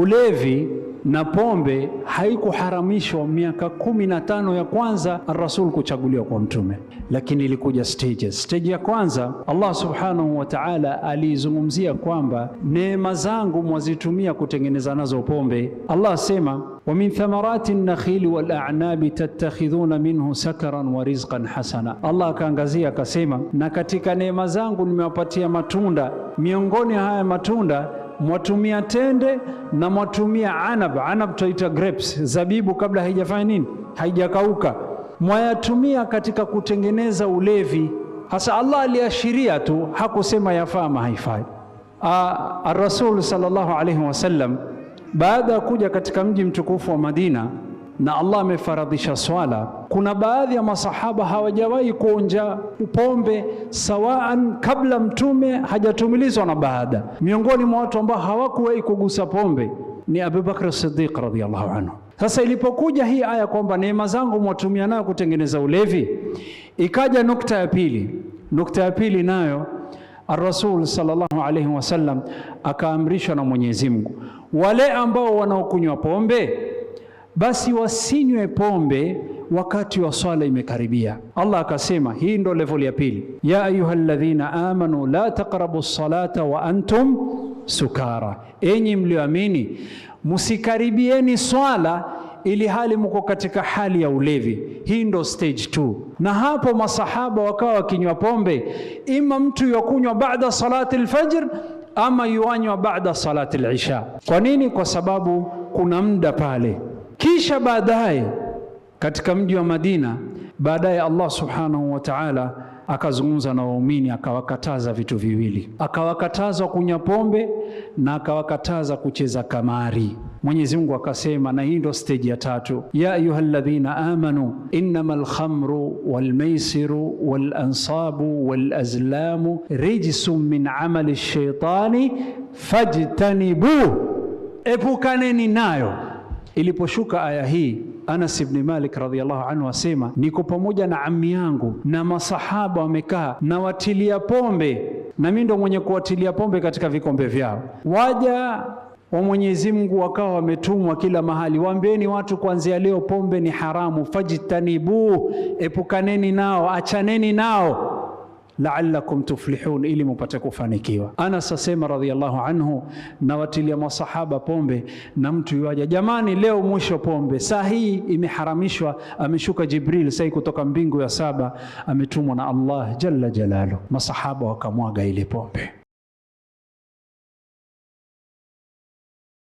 ulevi na pombe haikuharamishwa miaka kumi na tano ya kwanza rasul kuchaguliwa kwa mtume, lakini ilikuja stages. Stage ya kwanza Allah subhanahu wa ta'ala aliizungumzia kwamba neema zangu mwazitumia kutengeneza nazo pombe. Allah asema wa min thamarati nakhili wal a'nabi tattakhidhuna minhu sakaran wa rizqan hasana. Allah akaangazia akasema, na katika neema zangu nimewapatia matunda, miongoni haya matunda mwatumia tende na mwatumia anab. Anab tutaita grapes, zabibu kabla haijafanya nini, haijakauka. Mwayatumia katika kutengeneza ulevi. Hasa Allah aliashiria tu, hakusema yafaa ama haifai. Ah, Ar-Rasul sallallahu alayhi wasallam baada ya kuja katika mji mtukufu wa Madina na Allah amefaradhisha swala. Kuna baadhi ya masahaba hawajawahi kuonja upombe sawaan, kabla mtume hajatumilizwa na baada. Miongoni mwa watu ambao hawakuwahi kugusa pombe ni Abubakar Siddiq radhiyallahu anhu. Sasa ilipokuja hii aya kwamba neema zangu mwatumia nayo kutengeneza ulevi, ikaja nukta ya pili. Nukta ya pili nayo Ar-Rasul sallallahu alayhi wasallam akaamrishwa na Mwenyezi Mungu, wale ambao wanaokunywa pombe basi wasinywe pombe wakati wa swala imekaribia. Allah akasema, hii ndo level ya pili, ya ayyuhalladhina amanu la taqrabu salata wa antum sukara, enyi mlioamini msikaribieni swala ili hali mko katika hali ya ulevi. Hii ndo stage 2. Na hapo masahaba wakawa wakinywa pombe, ima mtu yakunywa baada salati alfajr ama yuanywa baada salati alisha. Kwa nini? Kwa sababu kuna muda pale kisha baadaye katika mji wa Madina, baadaye Allah subhanahu wa ta'ala akazungumza na waumini akawakataza vitu viwili, akawakataza kunywa pombe na akawakataza kucheza kamari. Mwenyezi Mungu akasema, na hii ndio stage ya tatu, ya ayyuhalladhina amanu innamal khamru wal maisiru wal ansabu wal azlamu rijsum min amali shaitani fajtanibu, epukaneni nayo Iliposhuka aya hii, Anas ibn Malik radhiyallahu anhu asema, niko pamoja na ammi yangu na masahaba wamekaa na watilia pombe, na mimi ndo mwenye kuwatilia pombe katika vikombe vyao. Waja wa Mwenyezi Mungu wakawa wametumwa kila mahali, waambieni watu, kuanzia leo pombe ni haramu, fajtanibu, epukaneni nao, achaneni nao la'allakum tuflihun, ili mupate kufanikiwa. Anas asema radhiallahu anhu, nawatilia masahaba pombe na mtu yuaja, jamani, leo mwisho pombe. Saa hii imeharamishwa, ameshuka Jibril sahii kutoka mbingu ya saba, ametumwa na Allah jalla jalalu. Masahaba wakamwaga ile pombe.